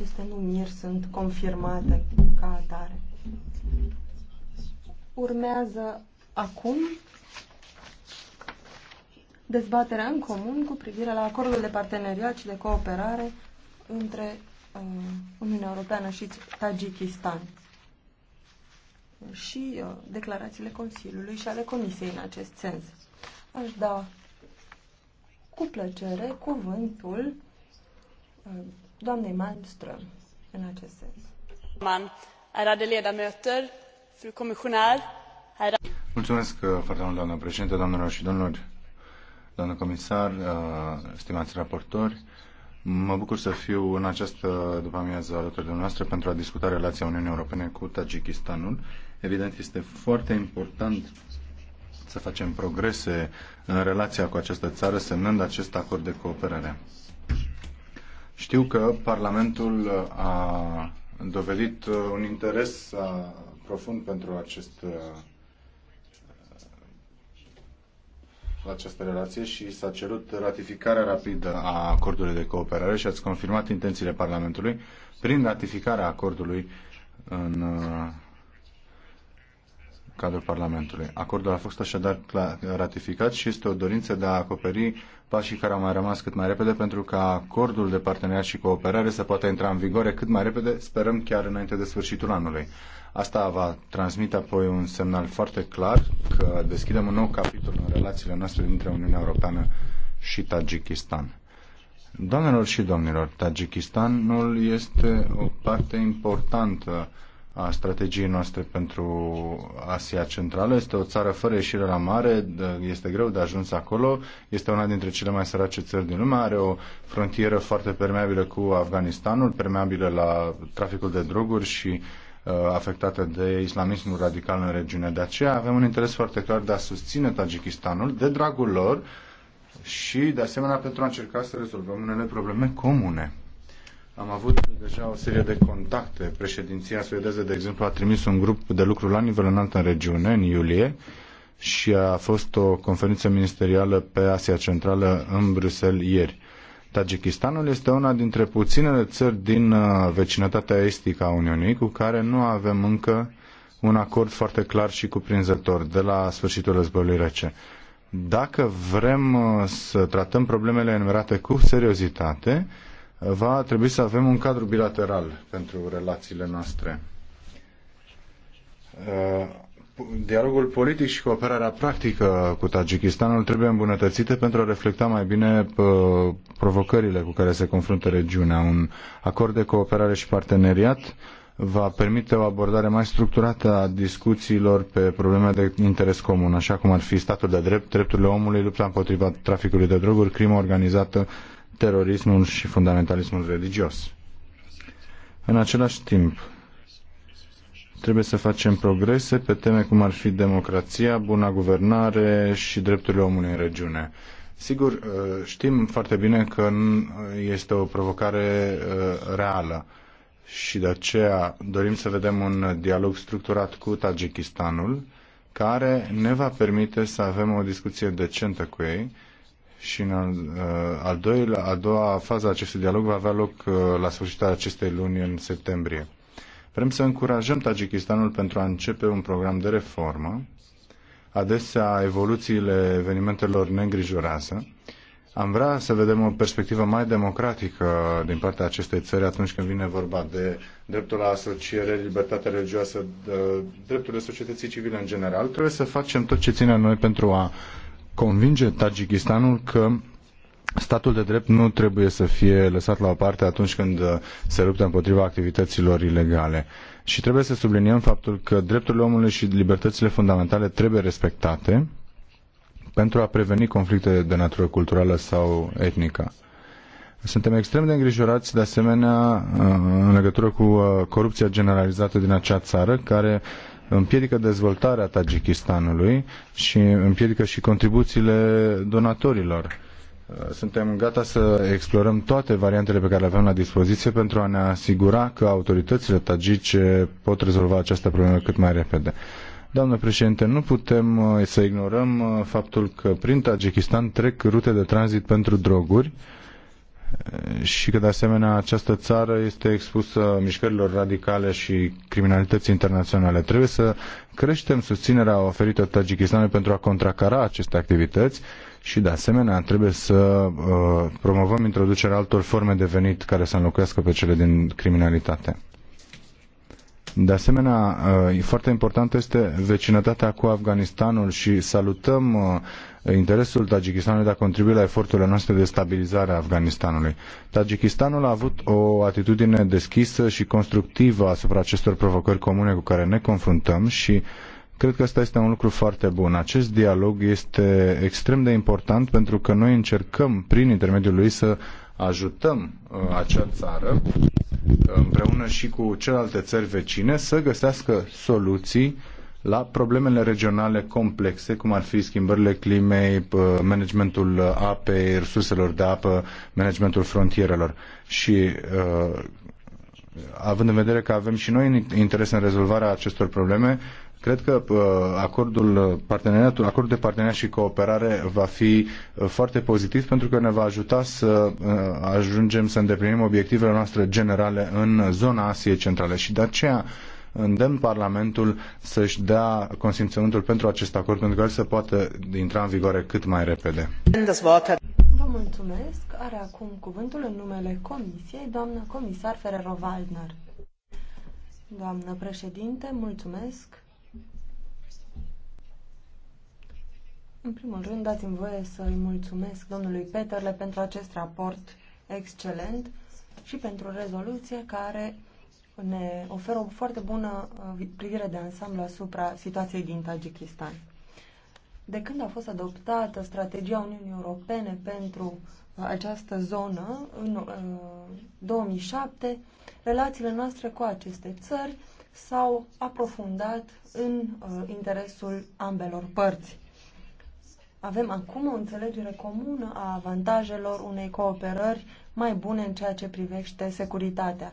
aceste numiri sunt confirmate ca atare. Urmează acum dezbaterea în comun cu privire la acordul de parteneriat și de cooperare între uh, Uniunea Europeană și Tajikistan și uh, declarațiile Consiliului și ale Comisiei în acest sens. Aș da cu plăcere cuvântul uh, doamnei Malmström în acest sens. Mulțumesc uh, foarte mult, doamnă președinte, doamnelor și domnilor, doamnă comisar, uh, stimați raportori. Mă bucur să fiu în această după amiază alături de dumneavoastră pentru a discuta relația Uniunii Europene cu Tajikistanul. Evident, este foarte important să facem progrese în relația cu această țară, semnând acest acord de cooperare. Știu că Parlamentul a dovedit uh, un interes uh, profund pentru acest uh, această relație și s-a cerut ratificarea rapidă a acordului de cooperare și ați confirmat intențiile Parlamentului prin ratificarea acordului în cadrul Parlamentului. Acordul a fost așadar ratificat și este o dorință de a acoperi pașii care au mai rămas cât mai repede pentru ca acordul de parteneriat și cooperare să poată intra în vigoare cât mai repede, sperăm chiar înainte de sfârșitul anului. Asta va transmite apoi un semnal foarte clar că deschidem un nou capitol în relațiile noastre dintre Uniunea Europeană și Tajikistan. Doamnelor și domnilor, Tajikistanul este o parte importantă a strategiei noastre pentru Asia Centrală. Este o țară fără ieșire la mare, este greu de ajuns acolo, este una dintre cele mai sărace țări din lume, are o frontieră foarte permeabilă cu Afganistanul, permeabilă la traficul de droguri și uh, afectată de islamismul radical în regiune. De aceea avem un interes foarte clar de a susține Tajikistanul de dragul lor și, de asemenea, pentru a încerca să rezolvăm unele probleme comune. Am avut deja o serie de contacte. Președinția suedeză, de exemplu, a trimis un grup de lucru la nivel înalt în regiune, în iulie, și a fost o conferință ministerială pe Asia Centrală în Bruxelles ieri. Tajikistanul este una dintre puținele țări din uh, vecinătatea estică a Uniunii cu care nu avem încă un acord foarte clar și cuprinzător de la sfârșitul războiului rece. Dacă vrem uh, să tratăm problemele enumerate cu seriozitate, va trebui să avem un cadru bilateral pentru relațiile noastre. Uh, dialogul politic și cooperarea practică cu Tajikistanul trebuie îmbunătățite pentru a reflecta mai bine uh, provocările cu care se confruntă regiunea. Un acord de cooperare și parteneriat va permite o abordare mai structurată a discuțiilor pe probleme de interes comun, așa cum ar fi statul de drept, drepturile omului, lupta împotriva traficului de droguri, crimă organizată, terorismul și fundamentalismul religios. În același timp, trebuie să facem progrese pe teme cum ar fi democrația, buna guvernare și drepturile omului în regiune. Sigur, uh, știm foarte bine că este o provocare uh, reală și de aceea dorim să vedem un dialog structurat cu Tajikistanul care ne va permite să avem o discuție decentă cu ei și în al, uh, al doilea, a doua fază a acestui dialog va avea loc uh, la sfârșitul acestei luni în septembrie. Vrem să încurajăm Tajikistanul pentru a începe un program de reformă, adesea evoluțiile evenimentelor neîngrijoroase. Am vrea să vedem o perspectivă mai democratică din partea acestei țări atunci când vine vorba de dreptul la asociere, libertatea religioasă, drepturile societății civile în general. Trebuie să facem tot ce ține noi pentru a convinge Tajikistanul că statul de drept nu trebuie să fie lăsat la o parte atunci când uh, se luptă împotriva activităților ilegale. Și trebuie să subliniem faptul că drepturile omului și libertățile fundamentale trebuie respectate pentru a preveni conflicte de natură culturală sau etnică. Suntem extrem de îngrijorați, de asemenea, uh, în legătură cu uh, corupția generalizată din acea țară, care împiedică dezvoltarea Tajikistanului și împiedică și contribuțiile donatorilor. Suntem gata să explorăm toate variantele pe care le avem la dispoziție pentru a ne asigura că autoritățile tagice pot rezolva această problemă cât mai repede. Doamnă președinte, nu putem uh, să ignorăm uh, faptul că prin Tajikistan trec rute de tranzit pentru droguri, și că de asemenea această țară este expusă mișcărilor radicale și criminalității internaționale. Trebuie să creștem susținerea oferită Tajikistanului pentru a contracara aceste activități și de asemenea trebuie să uh, promovăm introducerea altor forme de venit care să înlocuiască pe cele din criminalitate. De asemenea, uh, foarte importantă este vecinătatea cu Afganistanul și salutăm uh, interesul Tajikistanului de a contribui la eforturile noastre de stabilizare a Afganistanului. Tajikistanul a avut o atitudine deschisă și constructivă asupra acestor provocări comune cu care ne confruntăm și Cred că asta este un lucru foarte bun. Acest dialog este extrem de important pentru că noi încercăm prin intermediul lui să ajutăm uh, acea țară uh, împreună și cu celelalte țări vecine să găsească soluții la problemele regionale complexe, cum ar fi schimbările climei, managementul apei, resurselor de apă, managementul frontierelor. Și uh, având în vedere că avem și noi interes în rezolvarea acestor probleme, cred că acordul, parteneriatul, acordul de parteneriat și cooperare va fi uh, foarte pozitiv pentru că ne va ajuta să uh, ajungem să îndeplinim obiectivele noastre generale în zona Asiei Centrale și de aceea îndemn Parlamentul să-și dea consimțământul pentru acest acord, pentru că el să poată intra în vigoare cât mai repede. Vă mulțumesc. Are acum cuvântul în numele Comisiei, doamna comisar Ferrero-Waldner. Doamnă președinte, mulțumesc. În primul rând, dați-mi voie să-i mulțumesc domnului Peterle pentru acest raport excelent și pentru rezoluție care ne oferă o foarte bună uh, privire de ansamblu asupra situației din Tajikistan. De când a fost adoptată strategia Uniunii Europene pentru uh, această zonă, în 2007, uh, relațiile noastre cu aceste țări s-au aprofundat în interesul ambelor părți. Avem acum o înțelegere comună a avantajelor unei cooperări mai bune în ceea ce privește securitatea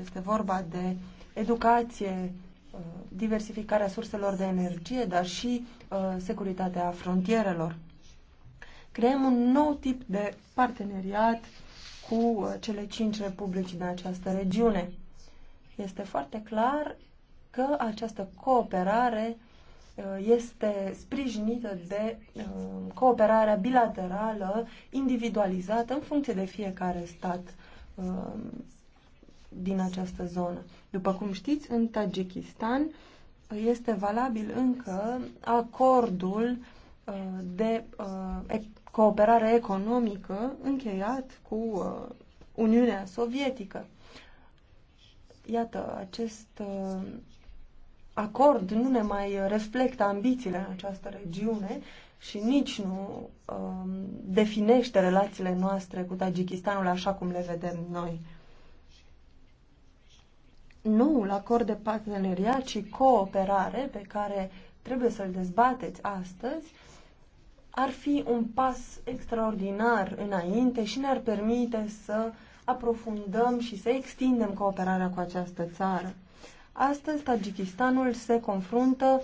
este vorba de educație, uh, diversificarea surselor de energie, dar și uh, securitatea frontierelor. Creăm un nou tip de parteneriat cu uh, cele cinci republici din această regiune. Este foarte clar că această cooperare este sprijinită de cooperarea bilaterală individualizată în funcție de fiecare stat din această zonă. După cum știți, în Tajikistan este valabil încă acordul uh, de uh, cooperare economică încheiat cu uh, Uniunea Sovietică. Iată, acest acord nu ne mai reflectă ambițiile în această regiune și nici nu um, definește relațiile noastre cu Tajikistanul așa cum le vedem noi noul acord de parteneriat și cooperare pe care trebuie să-l dezbateți astăzi ar fi un pas extraordinar înainte și ne-ar permite să aprofundăm și să extindem cooperarea cu această țară. Astăzi, Tajikistanul se confruntă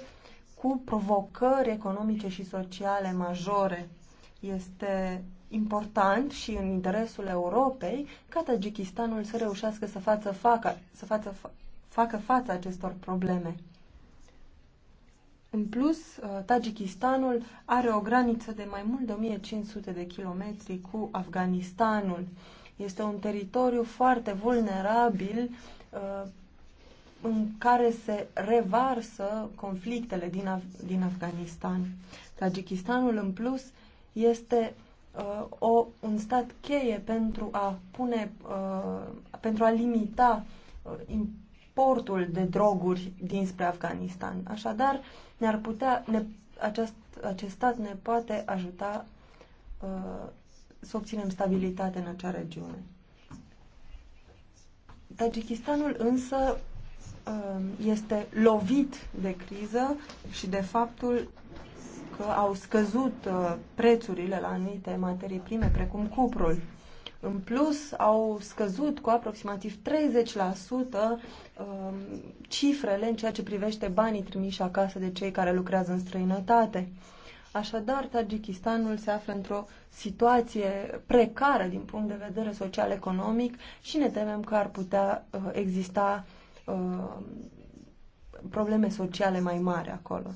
cu provocări economice și sociale majore. Este important și în interesul Europei ca Tajikistanul să reușească să, față facă, să față, facă față acestor probleme. În plus, uh, Tajikistanul are o graniță de mai mult de 1500 de kilometri cu Afganistanul. Este un teritoriu foarte vulnerabil uh, în care se revarsă conflictele din, Af- din Afganistan. Tajikistanul, în plus, este uh, o, un stat cheie pentru a pune, uh, pentru a limita uh, importul de droguri dinspre Afganistan. Așadar, ne-ar putea, ne, aceast, acest stat ne poate ajuta uh, să obținem stabilitate în acea regiune. Tajikistanul însă uh, este lovit de criză și de faptul că au scăzut uh, prețurile la anumite materii prime, precum cuprul. În plus, au scăzut cu aproximativ 30% um, cifrele în ceea ce privește banii trimiși acasă de cei care lucrează în străinătate. Așadar, Tajikistanul se află într-o situație precară din punct de vedere social-economic și ne temem că ar putea uh, exista uh, probleme sociale mai mari acolo.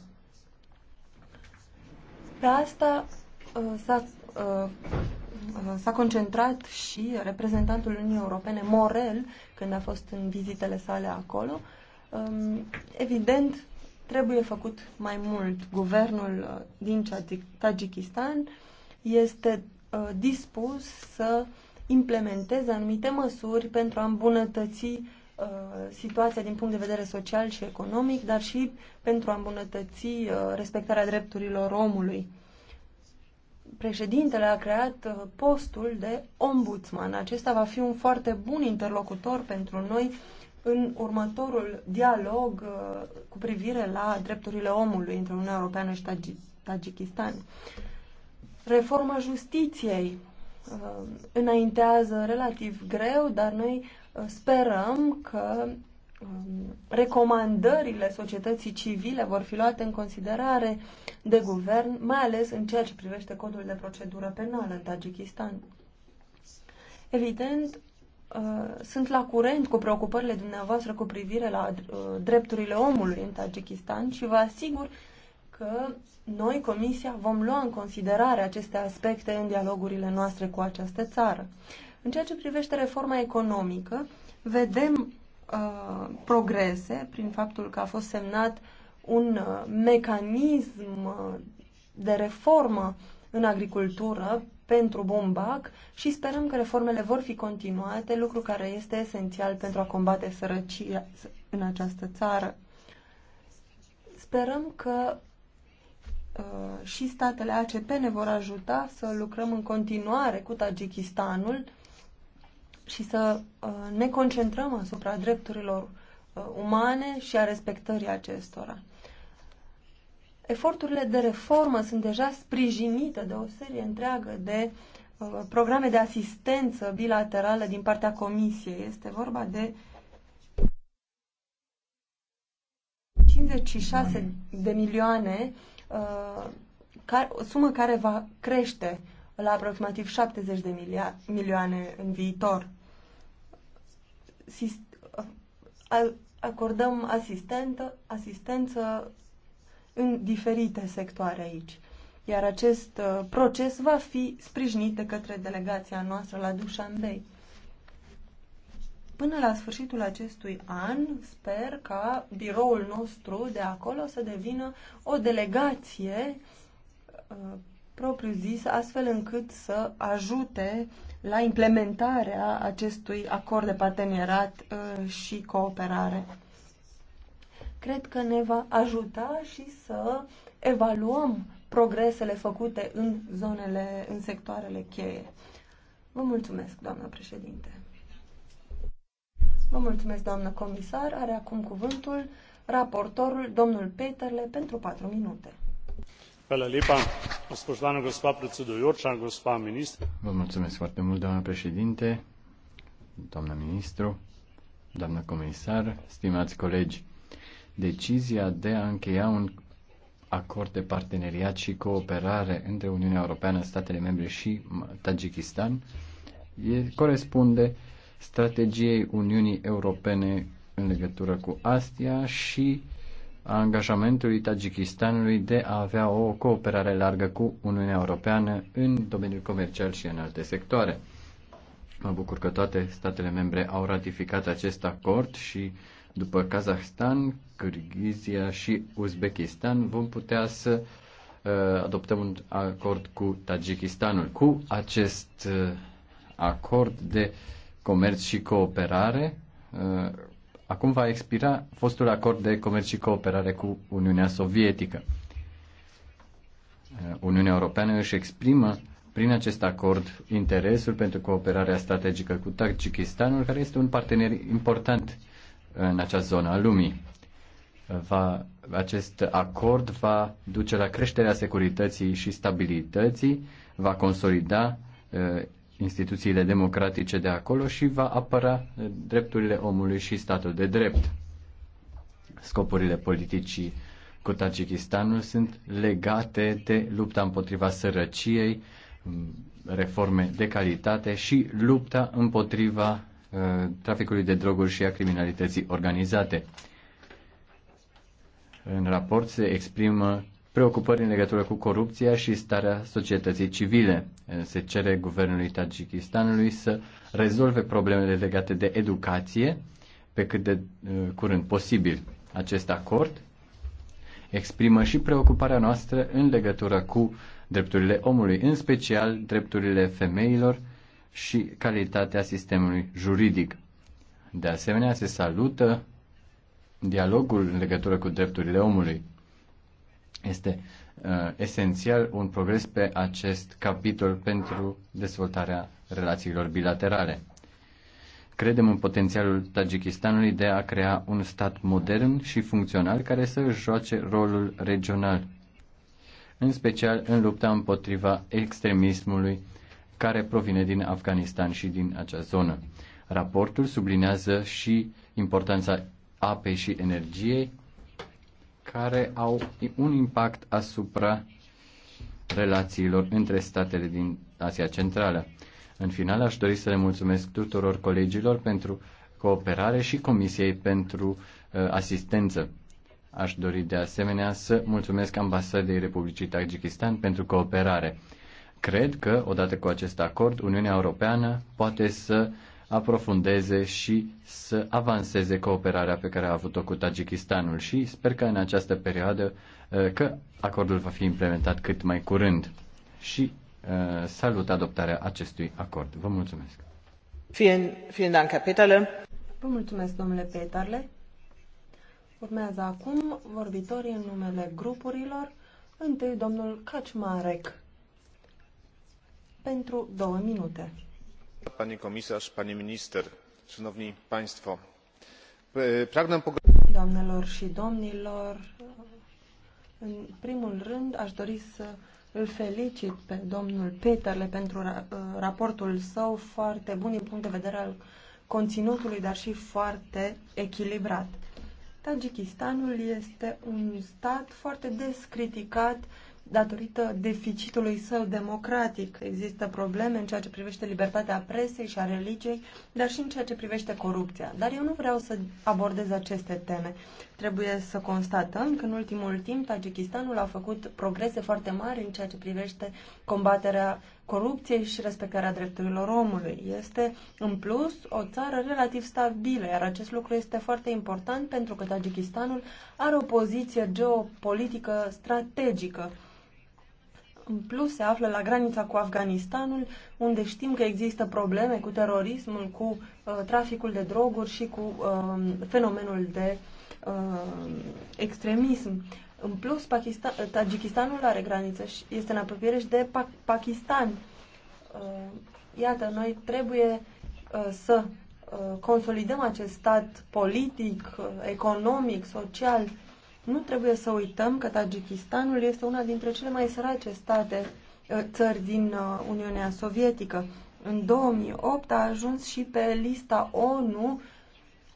Pe asta uh, s-a, uh, s-a concentrat și reprezentantul Uniunii Europene, Morel, când a fost în vizitele sale acolo. Um, evident, trebuie făcut mai mult. Guvernul uh, din Tajikistan este dispus să implementeze anumite măsuri pentru a îmbunătăți Uh, situația din punct de vedere social și economic, dar și pentru a îmbunătăți uh, respectarea drepturilor omului. Președintele a creat uh, postul de ombudsman. Acesta va fi un foarte bun interlocutor pentru noi în următorul dialog cu privire la drepturile omului între Uniunea Europeană și Tajikistan. Reforma justiției înaintează relativ greu, dar noi Uh, sperăm că um, recomandările societății civile vor fi luate în considerare de guvern, mai ales în ceea ce privește codul de procedură penală în Tajikistan. Evident, uh, sunt la curent cu preocupările dumneavoastră cu privire la uh, drepturile omului în Tajikistan și vă asigur că noi, Comisia, vom lua în considerare aceste aspecte în dialogurile noastre cu această țară. În ceea ce privește reforma economică, vedem uh, progrese prin faptul că a fost semnat un uh, mecanism uh, de reformă în agricultură pentru bombac și sperăm că reformele vor fi continuate, lucru care este esențial pentru a combate sărăcia în această țară. Sperăm că uh, și statele ACP ne vor ajuta să lucrăm în continuare cu Tajikistanul și să uh, ne concentrăm asupra drepturilor uh, umane și a respectării acestora. Eforturile de reformă sunt deja sprijinite de o serie întreagă de uh, programe de asistență bilaterală din partea Comisiei. Este vorba de 56 de milioane, uh, care, o sumă care va crește la aproximativ 70 de milioane în viitor acordăm asistentă, asistență în diferite sectoare aici. Iar acest uh, proces va fi sprijinit de către delegația noastră la Dușanbei. Până la sfârșitul acestui an, sper ca biroul nostru de acolo să devină o delegație uh, propriu-zisă, astfel încât să ajute uh, la implementarea acestui acord de parteneriat uh, și cooperare. Cred că ne va ajuta și să evaluăm progresele făcute în zonele, în sectoarele cheie. Vă mulțumesc, doamnă președinte. Vă mulțumesc, doamnă comisar. Are acum cuvântul raportorul, domnul Peterle, pentru patru minute. Vă mulțumesc foarte mult, doamnă președinte, doamnă ministru, doamnă comisar, stimați colegi. Decizia de a încheia un acord de parteneriat și cooperare între Uniunea Europeană, statele membre și Tajikistan corespunde strategiei Uniunii Europene în legătură cu Asia și a angajamentului Tajikistanului de a avea o cooperare largă cu Uniunea Europeană în domeniul comercial și în alte sectoare. Mă bucur că toate statele membre au ratificat acest acord și după Kazahstan, Kyrgyzia și Uzbekistan vom putea să uh, adoptăm un acord cu Tajikistanul. Cu acest uh, acord de comerț și cooperare uh, acum va expira fostul acord de comerț și cooperare cu Uniunea Sovietică. Uh, Uniunea Europeană își exprimă prin acest acord interesul pentru cooperarea strategică cu Tajikistanul, care este un partener important în această zonă a lumii. Uh, va, acest acord va duce la creșterea securității și stabilității, va consolida uh, instituțiile democratice de acolo și va apăra drepturile omului și statul de drept. Scopurile politicii cu Tajikistanul sunt legate de lupta împotriva sărăciei, reforme de calitate și lupta împotriva uh, traficului de droguri și a criminalității organizate. În raport se exprimă preocupări în legătură cu corupția și starea societății civile. Se cere guvernului Tajikistanului să rezolve problemele legate de educație pe cât de uh, curând posibil. Acest acord exprimă și preocuparea noastră în legătură cu drepturile omului, în special drepturile femeilor și calitatea sistemului juridic. De asemenea, se salută dialogul în legătură cu drepturile omului. Este uh, esențial un progres pe acest capitol pentru dezvoltarea relațiilor bilaterale. Credem în potențialul Tajikistanului de a crea un stat modern și funcțional care să joace rolul regional, în special în lupta împotriva extremismului care provine din Afganistan și din acea zonă. Raportul sublinează și importanța apei și energiei care au un impact asupra relațiilor între statele din Asia Centrală. În final, aș dori să le mulțumesc tuturor colegilor pentru cooperare și Comisiei pentru uh, asistență. Aș dori de asemenea să mulțumesc ambasadei Republicii Tajikistan pentru cooperare. Cred că, odată cu acest acord, Uniunea Europeană poate să aprofundeze și să avanseze cooperarea pe care a avut-o cu Tajikistanul și sper că în această perioadă uh, că acordul va fi implementat cât mai curând și uh, salut adoptarea acestui acord. Vă mulțumesc. Vielen, vielen Dank, Peterle. Vă mulțumesc, domnule Peterle. Urmează acum vorbitorii în numele grupurilor. Întâi domnul Kaczmarek pentru două minute. Pani comisar, pani minister, szanowni państwo, pragnę Doamnelor și domnilor, în primul rând aș dori să îl felicit pe domnul Peterle pentru raportul său foarte bun din punct de vedere al conținutului, dar și foarte echilibrat. Tajikistanul este un stat foarte des criticat datorită deficitului său democratic. Există probleme în ceea ce privește libertatea presei și a religiei, dar și în ceea ce privește corupția. Dar eu nu vreau să abordez aceste teme. Trebuie să constatăm că în ultimul timp Tajikistanul a făcut progrese foarte mari în ceea ce privește combaterea corupției și respectarea drepturilor omului. Este, în plus, o țară relativ stabilă, iar acest lucru este foarte important pentru că Tajikistanul are o poziție geopolitică strategică în plus se află la granița cu Afganistanul, unde știm că există probleme cu terorismul, cu uh, traficul de droguri și cu uh, fenomenul de uh, extremism. În plus, Pakistan, Tajikistanul are graniță și este în apropiere și de pa- Pakistan. Uh, iată, noi trebuie uh, să uh, consolidăm acest stat politic, uh, economic, social, uh, nu trebuie să uităm că Tajikistanul este una dintre cele mai sărace state ă, țări din ă, Uniunea Sovietică. În 2008 a ajuns și pe lista ONU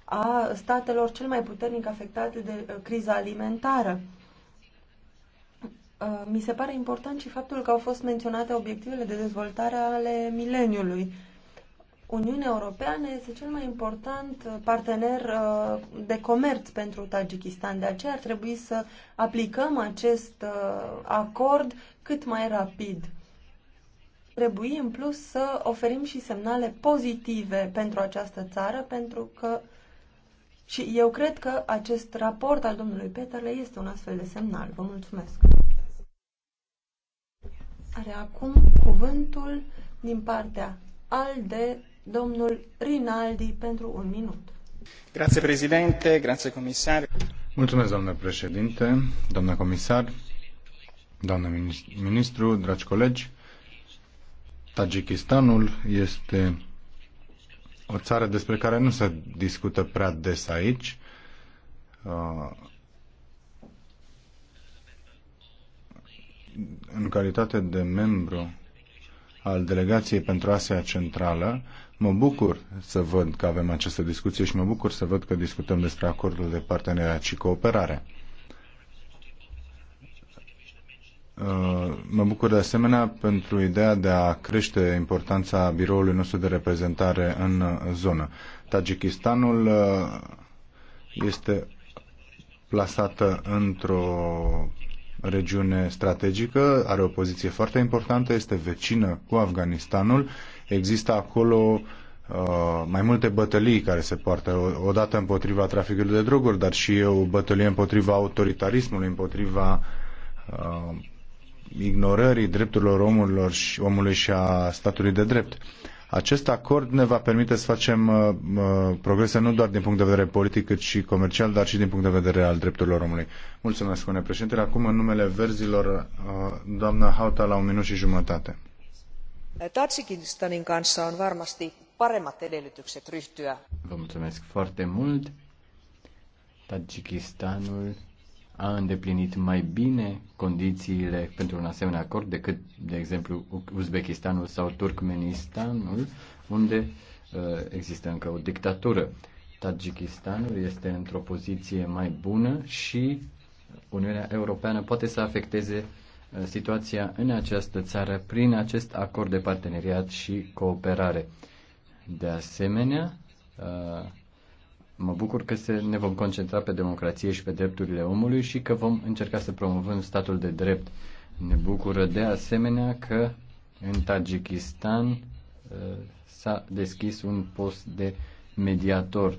a statelor cel mai puternic afectate de ă, criza alimentară. Mi se pare important și faptul că au fost menționate obiectivele de dezvoltare ale mileniului. Uniunea Europeană este cel mai important uh, partener uh, de comerț pentru Tajikistan, de aceea ar trebui să aplicăm acest uh, acord cât mai rapid. Trebuie, în plus, să oferim și semnale pozitive pentru această țară, pentru că și eu cred că acest raport al domnului Peterle este un astfel de semnal. Vă mulțumesc. Are acum cuvântul din partea al de domnul Rinaldi pentru un minut. Grazie președinte, grazie comisar. Mulțumesc, doamnă președinte, doamnă comisar, doamnă ministru, dragi colegi. Tajikistanul este o țară despre care nu se discută prea des aici. Uh, în calitate de membru al delegației pentru Asia Centrală, Mă bucur să văd că avem această discuție și mă bucur să văd că discutăm despre acordul de parteneriat și cooperare. Uh, mă bucur de asemenea pentru ideea de a crește importanța biroului nostru de reprezentare în zonă. Tajikistanul uh, este plasată într-o regiune strategică, are o poziție foarte importantă, este vecină cu Afganistanul Există acolo Uh, mai multe bătălii care se poartă, odată împotriva traficului de droguri, dar și o bătălie împotriva autoritarismului, împotriva uh, ignorării drepturilor omurilor și, omului și a statului de drept. Acest acord ne va permite să facem uh, uh, progrese nu doar din punct de vedere politic, cât și comercial, dar și din punct de vedere al drepturilor omului. Mulțumesc, domnule președinte. Acum, în numele verzilor, uh, doamna Hauta, la un minut și jumătate tadikistanin kanssa on varmasti paremmat edellytykset ryhtyä. Vă mulțumesc foarte mult. Tajikistanul a îndeplinit mai bine condițiile pentru un asemenea acord decât, de exemplu, Uzbekistanul sau Turkmenistanul, unde uh, există încă o dictatură. Tajikistanul este într-o poziție mai bună și Uniunea Europeană poate să afecteze situația în această țară prin acest acord de parteneriat și cooperare. De asemenea, mă bucur că se, ne vom concentra pe democrație și pe drepturile omului și că vom încerca să promovăm statul de drept. Ne bucură de asemenea că în Tajikistan uh, s-a deschis un post de mediator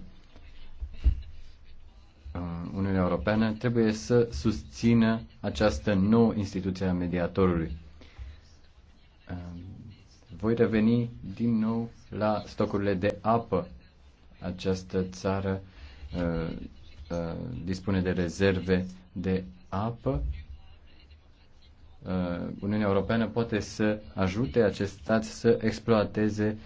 Uh, Uniunea Europeană trebuie să susțină această nouă instituție a mediatorului. Uh, voi reveni din nou la stocurile de apă. Această țară uh, uh, dispune de rezerve de apă. Uh, Uniunea Europeană poate să ajute acest stat să exploateze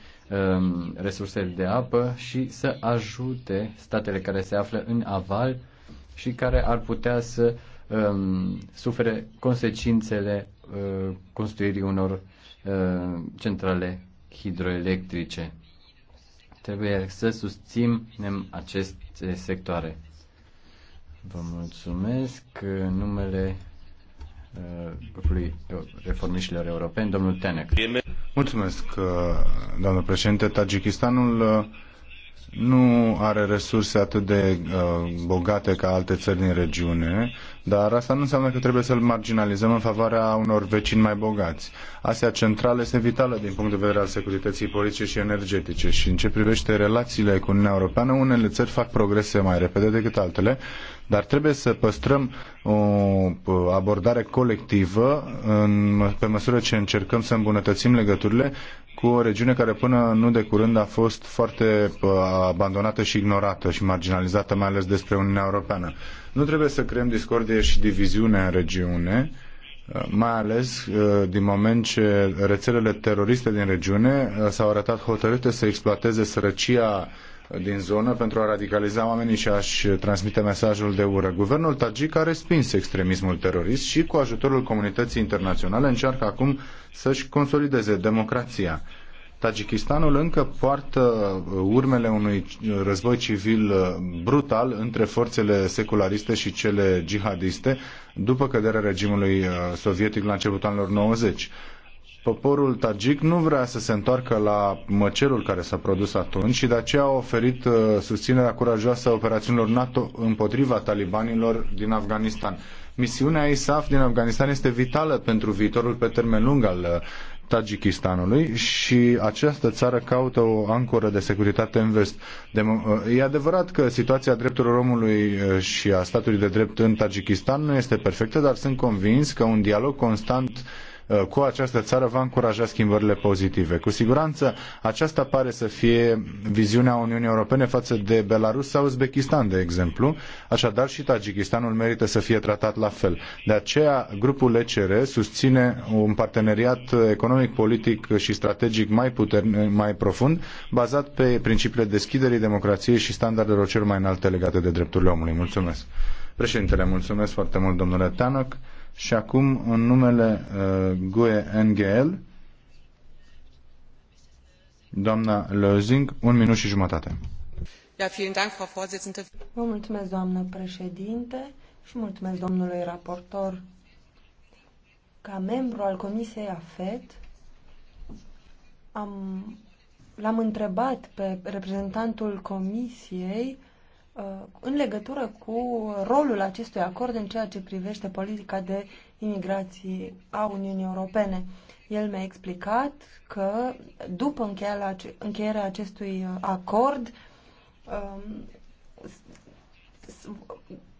Um, resursele de apă și să ajute statele care se află în aval și care ar putea să um, sufere consecințele uh, construirii unor uh, centrale hidroelectrice. Trebuie să susținem aceste sectoare. Vă mulțumesc. Numele uh, grupului reformișilor europeni, domnul Tenec. Mulțumesc, uh, doamnă președinte. Tajikistanul uh, nu are resurse atât de uh, bogate ca alte țări din regiune dar asta nu înseamnă că trebuie să-l marginalizăm în favoarea unor vecini mai bogați. Asia Centrală este vitală din punct de vedere al securității politice și energetice și în ce privește relațiile cu Uniunea Europeană, unele țări fac progrese mai repede decât altele, dar trebuie să păstrăm o abordare colectivă în, pe măsură ce încercăm să îmbunătățim legăturile cu o regiune care până nu de curând a fost foarte uh, abandonată și ignorată și marginalizată, mai ales despre Uniunea Europeană. Nu trebuie să creăm discordie și diviziune în regiune, mai ales uh, din moment ce rețelele teroriste din regiune uh, s-au arătat hotărâte să exploateze sărăcia din zonă pentru a radicaliza oamenii și a-și transmite mesajul de ură. Guvernul Tajik a respins extremismul terorist și cu ajutorul comunității internaționale încearcă acum să-și consolideze democrația. Tajikistanul încă poartă uh, urmele unui uh, război civil uh, brutal între forțele seculariste și cele jihadiste după căderea regimului sovietic la începutul anilor 90. Poporul tajik nu vrea să se întoarcă la măcelul care s-a produs atunci și de aceea a oferit susținerea curajoasă a operațiunilor NATO împotriva talibanilor din Afganistan. Misiunea ISAF din Afganistan este vitală pentru viitorul pe termen lung al Tajikistanului și această țară caută o ancoră de securitate în vest. De, e adevărat că situația drepturilor omului eh, și a statului de drept în Tajikistan nu este perfectă, dar sunt convins că un dialog constant uh, Uh, cu această țară va încuraja schimbările pozitive. Cu siguranță aceasta pare să fie viziunea Uniunii Europene față de Belarus sau Uzbekistan, de exemplu. Așadar și Tajikistanul merită să fie tratat la fel. De aceea grupul ECR susține un parteneriat economic, politic și strategic mai, puternic, mai profund, bazat pe principiile deschiderii, democrației și standardelor cel mai înalte legate de drepturile omului. Mulțumesc! Președintele, mulțumesc foarte mult, domnule Tanăc. Și acum, în numele uh, GUE NGL, doamna Lozing, un minut și jumătate. Vă mulțumesc, doamnă președinte, și mulțumesc domnului raportor. Ca membru al Comisiei AFET, l-am întrebat pe reprezentantul Comisiei Uh, în legătură cu rolul acestui acord în ceea ce privește politica de imigrație a Uniunii Europene. El mi-a explicat că după încheierea acestui uh, acord, um,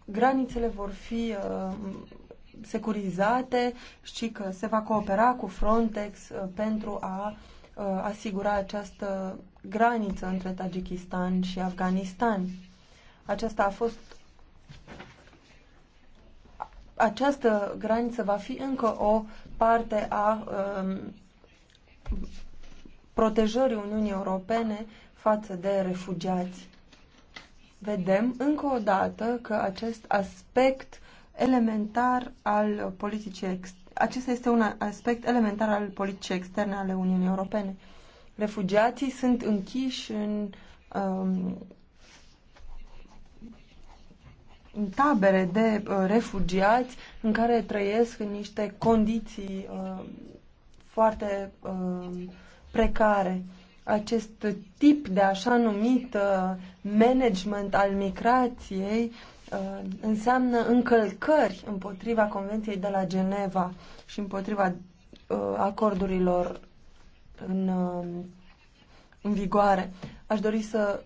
granițele vor fi uh, securizate și că se va coopera cu Frontex pentru a asigura această graniță între Tajikistan și Afganistan. Aceasta a fost această graniță va fi încă o parte a um, protejării Uniunii Europene față de refugiați. Vedem încă o dată că acest aspect elementar al politicii acesta este un aspect elementar al politicii externe ale Uniunii Europene. Refugiații sunt închiși în um, tabere de uh, refugiați în care trăiesc în niște condiții uh, foarte uh, precare. Acest tip de așa numit uh, management al migrației uh, înseamnă încălcări împotriva Convenției de la Geneva și împotriva uh, acordurilor în, uh, în vigoare. Aș dori să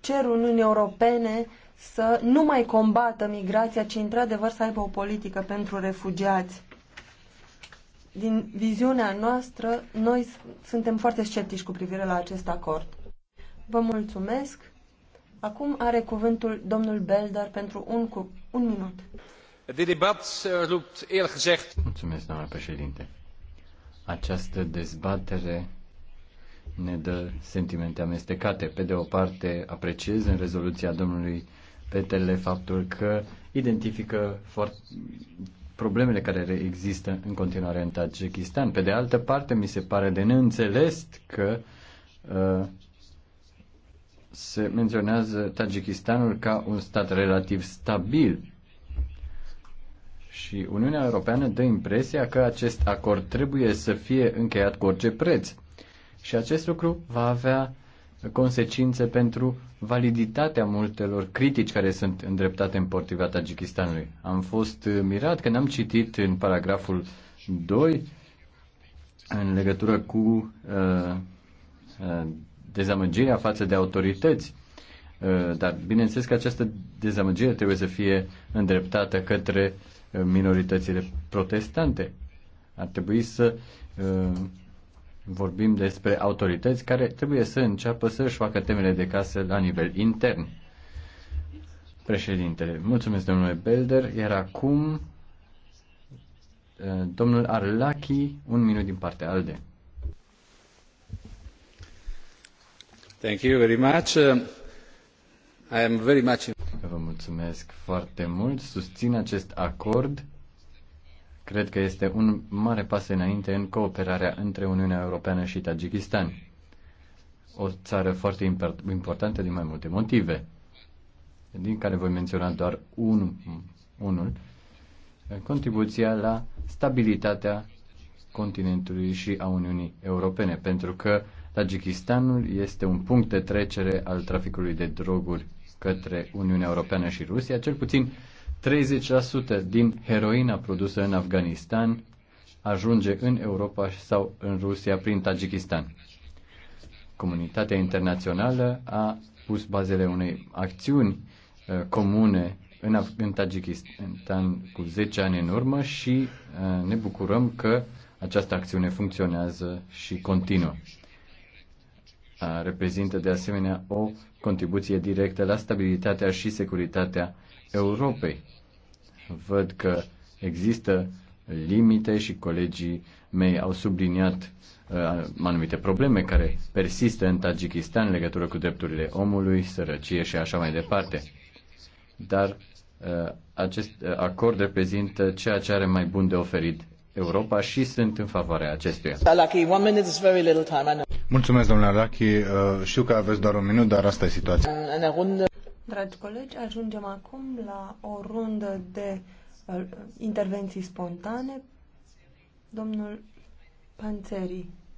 cer Uniunii Europene uh, să nu mai combată migrația, ci într-adevăr să aibă o politică pentru refugiați. Din viziunea noastră, noi suntem foarte sceptici cu privire la acest acord. Vă mulțumesc. Acum are cuvântul domnul Belder pentru un, cu, un minut. Dit debat roept er eerlijk gezegd. Mulțumesc, doamna președinte. Această dezbatere ne dă sentimente amestecate. Pe de o parte, apreciez în rezoluția domnului petele faptul că identifică foarte problemele care există în continuare în Tajikistan. Pe de altă parte, mi se pare de neînțeles că uh, se menționează Tajikistanul ca un stat relativ stabil. Și Uniunea Europeană dă impresia că acest acord trebuie să fie încheiat cu orice preț. Și acest lucru va avea consecințe pentru validitatea multelor critici care sunt îndreptate împotriva Tajikistanului. Am fost mirat că n am citit în paragraful 2 în legătură cu uh, uh, dezamăgirea față de autorități. Uh, dar bineînțeles că această dezamăgire trebuie să fie îndreptată către minoritățile protestante. Ar trebui să uh, vorbim despre autorități care trebuie să înceapă să-și facă temele de casă la nivel intern. Președintele, mulțumesc domnule Belder, iar acum eh, domnul Arlachi, un minut din partea ALDE. Thank you very much. I am very much... Vă mulțumesc foarte mult, susțin acest acord Cred că este un mare pas înainte în cooperarea între Uniunea Europeană și Tajikistan. O țară foarte importantă din mai multe motive, din care voi menționa doar un, unul, contribuția la stabilitatea continentului și a Uniunii Europene, pentru că Tajikistanul este un punct de trecere al traficului de droguri către Uniunea Europeană și Rusia, cel puțin 30% din heroina produsă în Afganistan ajunge în Europa sau în Rusia prin Tajikistan. Comunitatea internațională a pus bazele unei acțiuni uh, comune în, Af- în Tajikistan cu 10 ani în urmă și uh, ne bucurăm că această acțiune funcționează și continuă reprezintă de asemenea o contribuție directă la stabilitatea și securitatea Europei. Văd că există limite și colegii mei au subliniat uh, anumite probleme care persistă în Tajikistan în legătură cu drepturile omului, sărăcie și așa mai departe. Dar uh, acest acord reprezintă ceea ce are mai bun de oferit Europa și sunt în favoarea acestuia. Mulțumesc, domnule Arachi. Uh, știu că aveți doar un minut, dar asta e situația. Dragi colegi, ajungem acum la o rundă de uh, intervenții spontane. Domnul Panțeri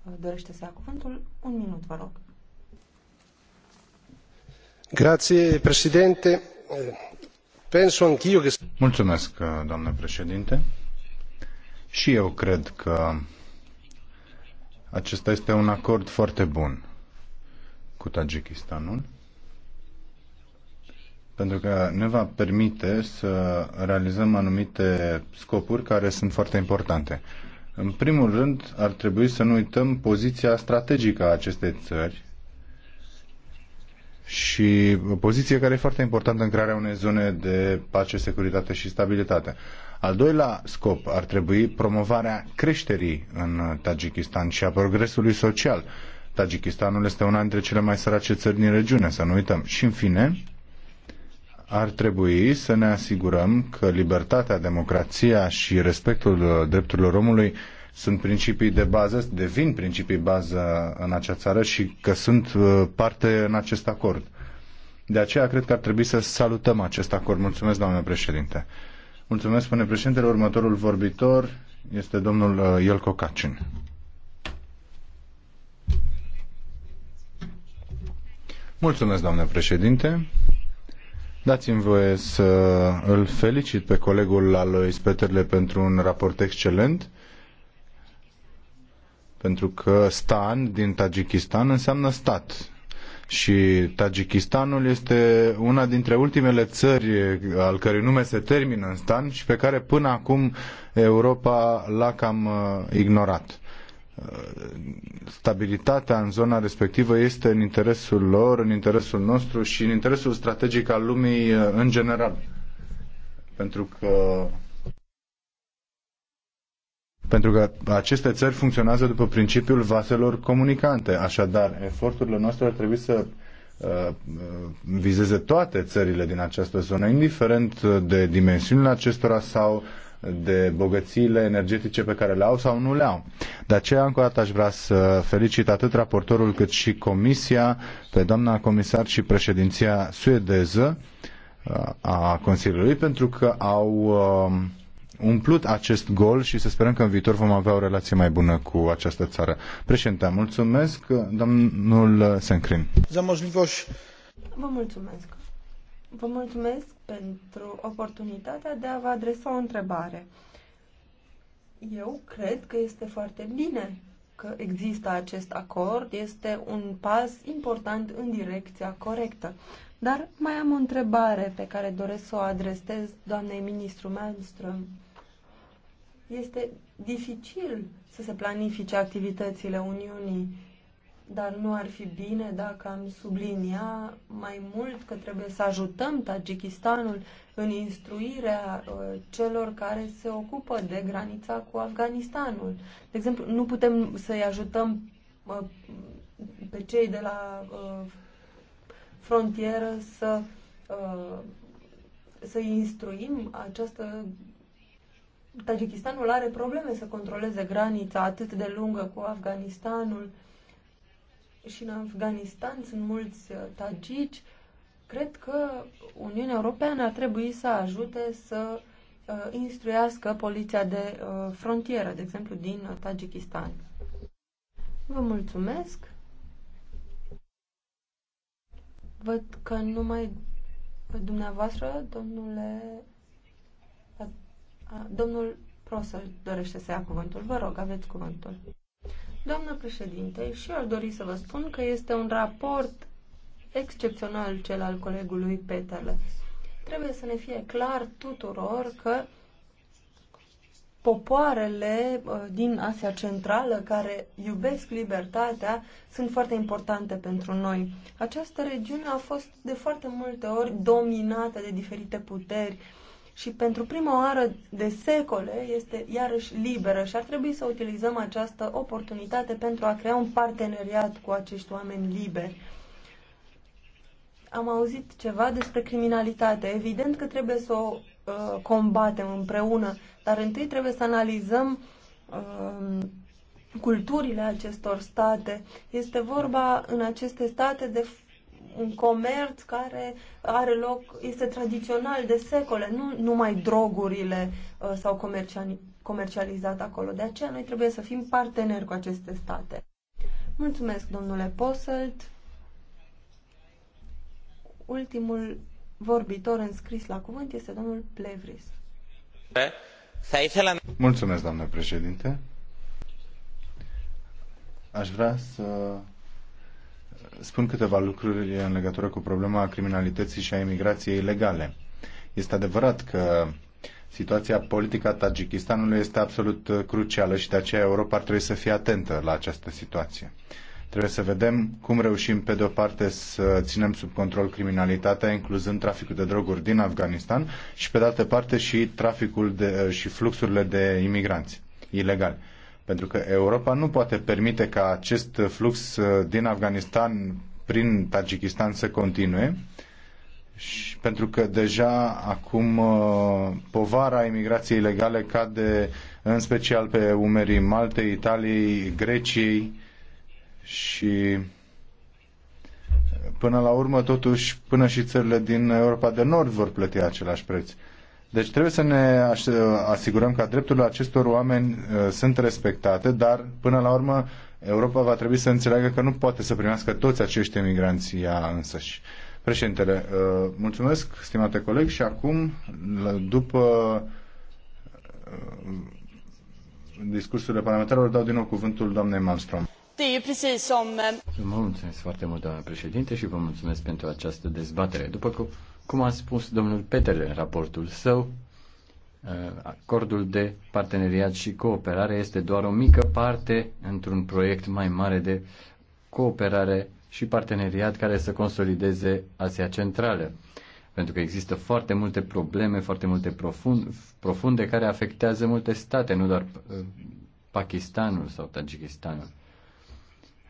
uh, dorește să ia cuvântul. Un minut, vă rog. Grazie, președinte. Penso anch'io che... Mulțumesc, doamnă președinte. Și eu cred că acesta este un acord foarte bun cu Tajikistanul pentru că ne va permite să realizăm anumite scopuri care sunt foarte importante. În primul rând, ar trebui să nu uităm poziția strategică a acestei țări și poziție care e foarte importantă în crearea unei zone de pace, securitate și stabilitate. Al doilea scop ar trebui promovarea creșterii în Tajikistan și a progresului social. Tajikistanul este una dintre cele mai sărace țări din regiune, să nu uităm. Și în fine, ar trebui să ne asigurăm că libertatea, democrația și respectul drepturilor omului sunt principii de bază, devin principii bază în acea țară și că sunt uh, parte în acest acord. De aceea cred că ar trebui să salutăm acest acord. Mulțumesc, doamnă președinte. Mulțumesc, spune președintele. Următorul vorbitor este domnul uh, Ielco Cacin. Mulțumesc, doamne președinte. Dați-mi voie să îl felicit pe colegul lui Speterle pentru un raport excelent, pentru că stan din Tajikistan înseamnă stat și Tajikistanul este una dintre ultimele țări al cărui nume se termină în stan și pe care până acum Europa l-a cam uh, ignorat. Uh, stabilitatea în zona respectivă este în interesul lor, în interesul nostru și în interesul strategic al lumii uh, în general. Pentru că pentru că aceste țări funcționează după principiul vaselor comunicante. Așadar, eforturile noastre ar trebui să uh, uh, vizeze toate țările din această zonă, indiferent de dimensiunile acestora sau de bogățiile energetice pe care le au sau nu le au. De aceea, încă o dată, aș vrea să felicit atât raportorul cât și Comisia, pe doamna comisar și președinția suedeză uh, a Consiliului, pentru că au umplut acest gol și să sperăm că în viitor vom avea o relație mai bună cu această țară. Președinte, mulțumesc, domnul Sencrin. Vă mulțumesc. Vă mulțumesc pentru oportunitatea de a vă adresa o întrebare. Eu cred că este foarte bine că există acest acord, este un pas important în direcția corectă. Dar mai am o întrebare pe care doresc să o adresez doamnei ministru Malmström. Este dificil să se planifice activitățile Uniunii, dar nu ar fi bine dacă am sublinia mai mult că trebuie să ajutăm Tajikistanul în instruirea uh, celor care se ocupă de granița cu Afganistanul. De exemplu, nu putem să-i ajutăm uh, pe cei de la uh, frontieră să să instruim această Tajikistanul are probleme să controleze granița atât de lungă cu Afganistanul și în Afganistan sunt mulți uh, tagici. Cred că Uniunea Europeană a trebuit să ajute să uh, instruiască poliția de uh, frontieră, de exemplu din Tajikistan. Vă mulțumesc. Văd că numai dumneavoastră, domnule Domnul Prosel dorește să ia cuvântul. Vă rog, aveți cuvântul. Doamnă președinte, și eu aș dori să vă spun că este un raport excepțional cel al colegului Peterle. Trebuie să ne fie clar tuturor că popoarele uh, din Asia Centrală care iubesc libertatea sunt foarte importante pentru noi. Această regiune a fost de foarte multe ori dominată de diferite puteri, și pentru prima oară de secole este iarăși liberă și ar trebui să utilizăm această oportunitate pentru a crea un parteneriat cu acești oameni liberi. Am auzit ceva despre criminalitate. Evident că trebuie să o uh, combatem împreună, dar întâi trebuie să analizăm uh, culturile acestor state. Este vorba în aceste state de un comerț care are loc, este tradițional de secole, nu numai drogurile uh, s-au comercializat acolo. De aceea noi trebuie să fim parteneri cu aceste state. Mulțumesc, domnule Posselt. Ultimul vorbitor înscris la cuvânt este domnul Plevris. Mulțumesc, doamne președinte. Aș vrea să spun câteva lucruri în legătură cu problema criminalității și a imigrației ilegale. Este adevărat că situația politică a Tajikistanului este absolut crucială și de aceea Europa ar trebui să fie atentă la această situație. Trebuie să vedem cum reușim, pe de o parte, să ținem sub control criminalitatea, incluzând traficul de droguri din Afganistan și, pe de altă parte, și traficul de, și fluxurile de imigranți ilegali. Pentru că Europa nu poate permite ca acest flux uh, din Afganistan prin Tajikistan să continue. Și pentru că deja acum uh, povara imigrației ilegale cade în special pe umerii Maltei, Italiei, Greciei și până la urmă totuși până și țările din Europa de Nord vor plăti același preț. Deci trebuie să ne asigurăm că drepturile acestor oameni uh, sunt respectate, dar până la urmă Europa va trebui să înțeleagă că nu poate să primească toți acești emigranți ea însăși. Președintele, uh, mulțumesc, stimate coleg, și acum, după uh, discursurile parlamentarilor, dau din nou cuvântul doamnei Malmström. Vă mulțumesc foarte mult, doamna președinte, și vă mulțumesc pentru această dezbatere. După cum cum a spus domnul Petele în raportul său, eh, acordul de parteneriat și cooperare este doar o mică parte într-un proiect mai mare de cooperare și parteneriat care să consolideze Asia Centrală. Pentru că există foarte multe probleme, foarte multe profund, profunde care afectează multe state, nu doar eh, Pakistanul sau Tajikistanul.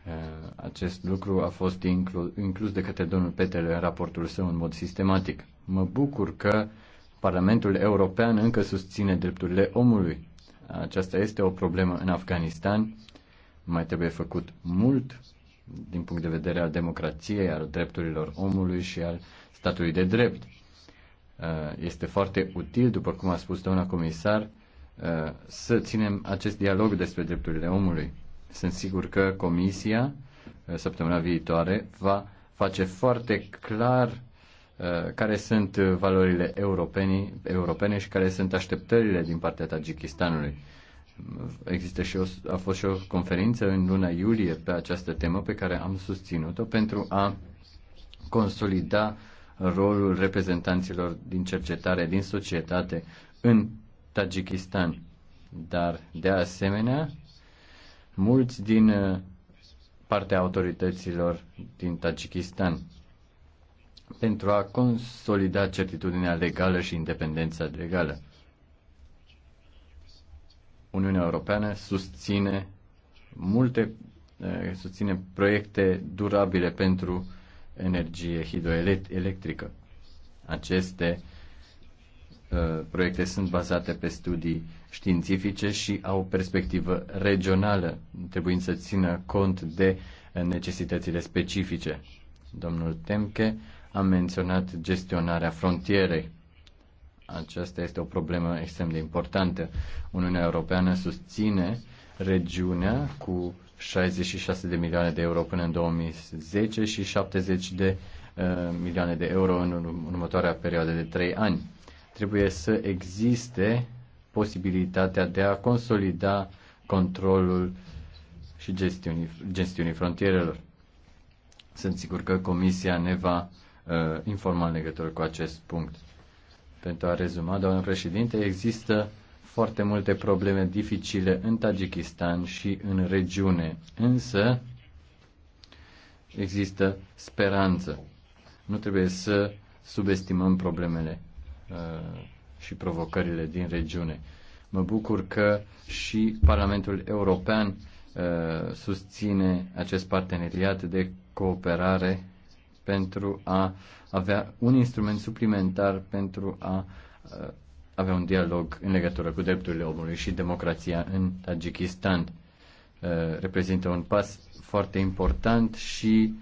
Eh, acest lucru a fost inclus de către domnul Petele în raportul său în mod sistematic. Mă bucur că Parlamentul European încă susține drepturile omului. Aceasta este o problemă în Afganistan. Mai trebuie făcut mult din punct de vedere al democrației, al drepturilor omului și al statului de drept. Eh, este foarte util, după cum a spus doamna comisar, eh, să ținem acest dialog despre drepturile omului sunt sigur că Comisia uh, săptămâna viitoare va face foarte clar uh, care sunt uh, valorile europene, europene și care sunt așteptările din partea Tajikistanului. Există și o, a fost și o conferință în luna iulie pe această temă pe care am susținut-o pentru a consolida rolul reprezentanților din cercetare, din societate în Tajikistan. Dar, de asemenea, mulți din uh, partea autorităților din Tajikistan pentru a consolida certitudinea legală și independența legală. Uniunea Europeană susține multe uh, susține proiecte durabile pentru energie hidroelectrică. Aceste Uh, proiecte sunt bazate pe studii științifice și au o perspectivă regională, trebuind să țină cont de uh, necesitățile specifice. Domnul Temke a menționat gestionarea frontierei. Aceasta este o problemă extrem de importantă. Uniunea Europeană susține regiunea cu 66 de milioane de euro până în 2010 și 70 de uh, milioane de euro în următoarea perioadă de 3 ani trebuie să existe posibilitatea de a consolida controlul și gestiunii, gestiunii frontierelor. Sunt sigur că Comisia ne va uh, informa în legătură cu acest punct. Pentru a rezuma, doamnă președinte, există foarte multe probleme dificile în Tajikistan și în regiune, însă există speranță. Nu trebuie să subestimăm problemele Uh, și provocările din regiune. Mă bucur că și Parlamentul European uh, susține acest parteneriat de cooperare pentru a avea un instrument suplimentar pentru a uh, avea un dialog în legătură cu drepturile omului și democrația în Tajikistan. Reprezintă un pas foarte important și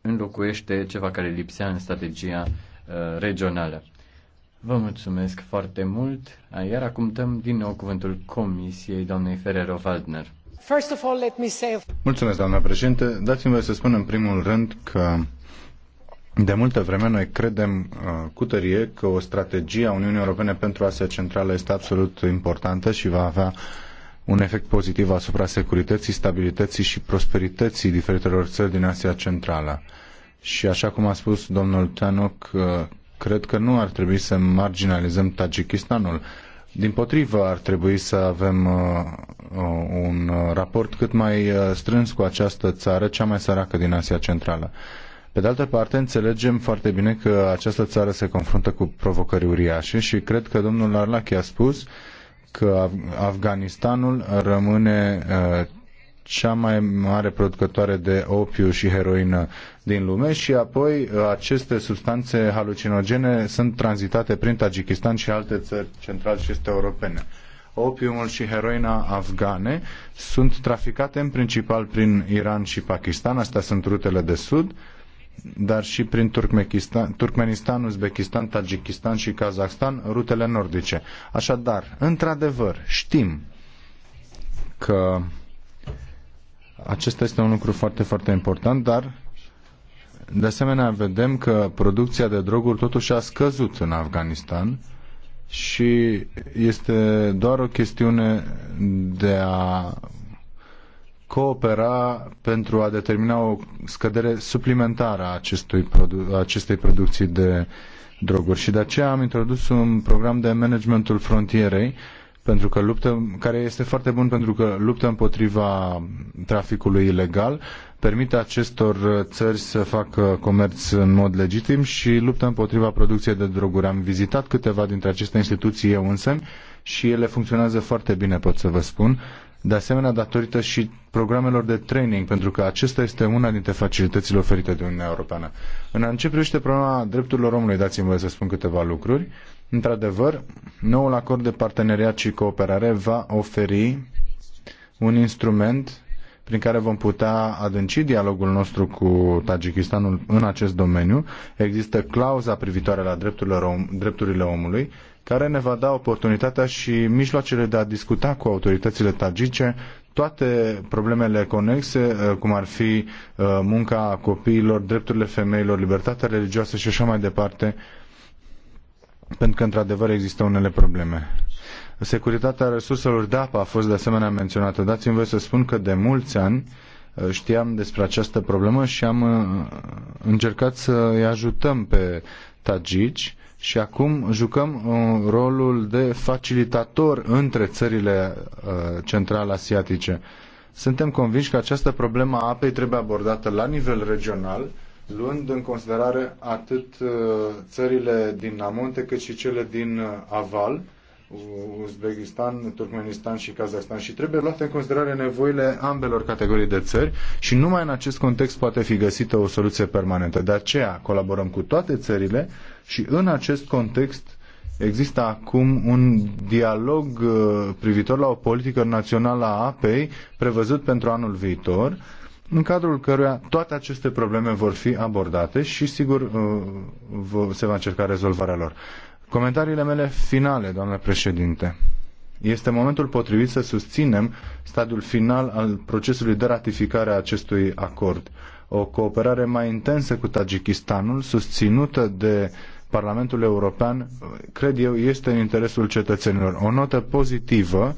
înlocuiește ceva care lipsea în strategia Uh, regională. Vă mulțumesc foarte mult, ah, iar acum dăm din nou cuvântul Comisiei doamnei Ferrero-Waldner. Mulțumesc, doamna președinte. Dați-mi să spun în primul rând că de multă vreme noi credem uh, cu tărie că o strategie a Uniunii Europene pentru Asia Centrală este absolut importantă și va avea un efect pozitiv asupra securității, stabilității și prosperității diferitelor țări din Asia Centrală. Uh, și așa cum a spus domnul Tanok, uh, cred că nu ar trebui să marginalizăm Tajikistanul. Din potrivă, ar trebui să avem uh, un uh, raport cât mai strâns cu această țară, cea mai săracă din Asia Centrală. Pe de altă parte, înțelegem foarte bine că această țară se confruntă cu provocări uriașe și cred că domnul Arlachi a spus că Afganistanul rămâne cea mai mare producătoare de opiu și heroină din lume și apoi uh, aceste substanțe halucinogene sunt tranzitate prin Tajikistan și alte țări central și este europene. Opiumul și heroina afgane sunt traficate în principal prin Iran și Pakistan, astea sunt rutele de sud, dar și prin Turkmenistan, Turkmenistan, Uzbekistan, Tajikistan și Kazakhstan, rutele nordice. Așadar, într-adevăr, știm că acesta este un lucru foarte, foarte important, dar de asemenea vedem că producția de droguri totuși a scăzut în Afganistan și este doar o chestiune de a coopera pentru a determina o scădere suplimentară a acestui produ- acestei producții de droguri. Și de aceea am introdus un program de managementul frontierei pentru că luptă, care este foarte bun pentru că luptă împotriva traficului ilegal, permite acestor țări să facă comerț în mod legitim și luptă împotriva producției de droguri. Am vizitat câteva dintre aceste instituții eu însemi și ele funcționează foarte bine, pot să vă spun. De asemenea, datorită și programelor de training, pentru că acesta este una dintre facilitățile oferite de Uniunea Europeană. În a ce problema drepturilor omului, dați-mi voie să spun câteva lucruri. Într-adevăr, noul acord de parteneriat și cooperare va oferi un instrument prin care vom putea adânci dialogul nostru cu Tajikistanul în acest domeniu. Există clauza privitoare la drepturile, om, drepturile omului, care ne va da oportunitatea și mijloacele de a discuta cu autoritățile tagice toate problemele conexe, uh, cum ar fi uh, munca copiilor, drepturile femeilor, libertatea religioasă și așa mai departe, pentru că într-adevăr există unele probleme. Securitatea resurselor de apă a fost de asemenea menționată. Dați-mi voi să spun că de mulți ani uh, știam despre această problemă și am uh, încercat să îi ajutăm pe tagici și acum jucăm uh, rolul de facilitator între țările central asiatice. Suntem convinși că această problemă a apei trebuie abordată la nivel regional luând în considerare atât uh, țările din Amonte cât și cele din uh, Aval, Uzbekistan, Turkmenistan și Kazakhstan și trebuie luate în considerare nevoile ambelor categorii de țări și numai în acest context poate fi găsită o soluție permanentă. De aceea colaborăm cu toate țările și în acest context există acum un dialog uh, privitor la o politică națională a apei prevăzut pentru anul viitor în cadrul căruia toate aceste probleme vor fi abordate și, sigur, uh, se va încerca rezolvarea lor. Comentariile mele finale, doamnă președinte. Este momentul potrivit să susținem stadiul final al procesului de ratificare a acestui acord. O cooperare mai intensă cu Tajikistanul, susținută de Parlamentul European, cred eu, este în interesul cetățenilor. O notă pozitivă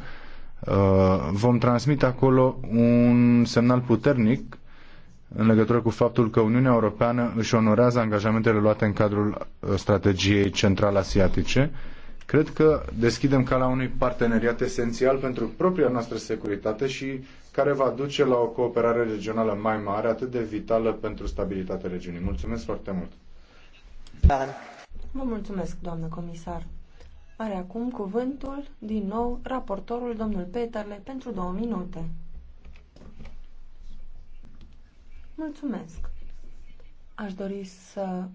Uh, vom transmite acolo un semnal puternic în legătură cu faptul că Uniunea Europeană își onorează angajamentele luate în cadrul uh, strategiei central asiatice. Cred că deschidem calea unui parteneriat esențial pentru propria noastră securitate și care va duce la o cooperare regională mai mare, atât de vitală pentru stabilitatea regiunii. Mulțumesc foarte mult! Vă mulțumesc, doamnă comisar! Are acum cuvântul, din nou, raportorul domnul Peterle pentru două minute. Mulțumesc! Aș dori să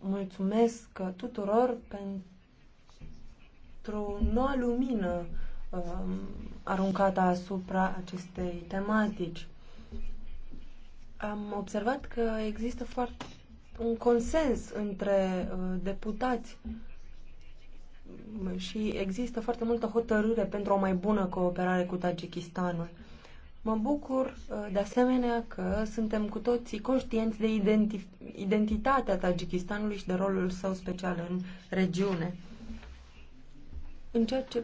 mulțumesc tuturor pentru noua lumină um, aruncată asupra acestei tematici. Am observat că există foarte un consens între uh, deputați și există foarte multă hotărâre pentru o mai bună cooperare cu Tajikistanul. Mă bucur uh, de asemenea că suntem cu toții conștienți de identi- identitatea Tajikistanului și de rolul său special în regiune. În ceea ce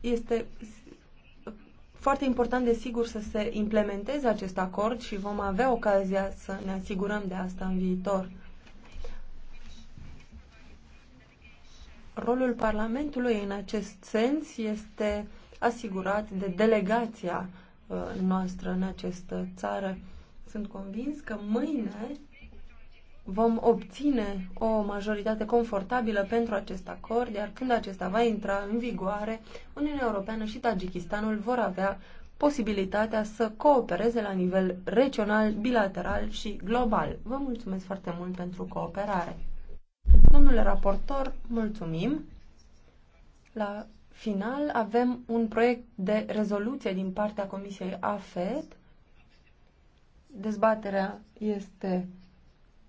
este foarte important, desigur, să se implementeze acest acord și vom avea ocazia să ne asigurăm de asta în viitor. Rolul Parlamentului în acest sens este asigurat de delegația uh, noastră în această țară. Sunt convins că mâine vom obține o majoritate confortabilă pentru acest acord, iar când acesta va intra în vigoare, Uniunea Europeană și Tajikistanul vor avea posibilitatea să coopereze la nivel regional, bilateral și global. Vă mulțumesc foarte mult pentru cooperare! Domnule raportor, mulțumim. La final avem un proiect de rezoluție din partea Comisiei AFET. Dezbaterea este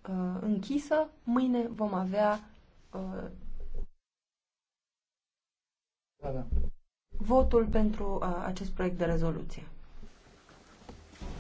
uh, închisă. Mâine vom avea uh, da, da. votul pentru uh, acest proiect de rezoluție.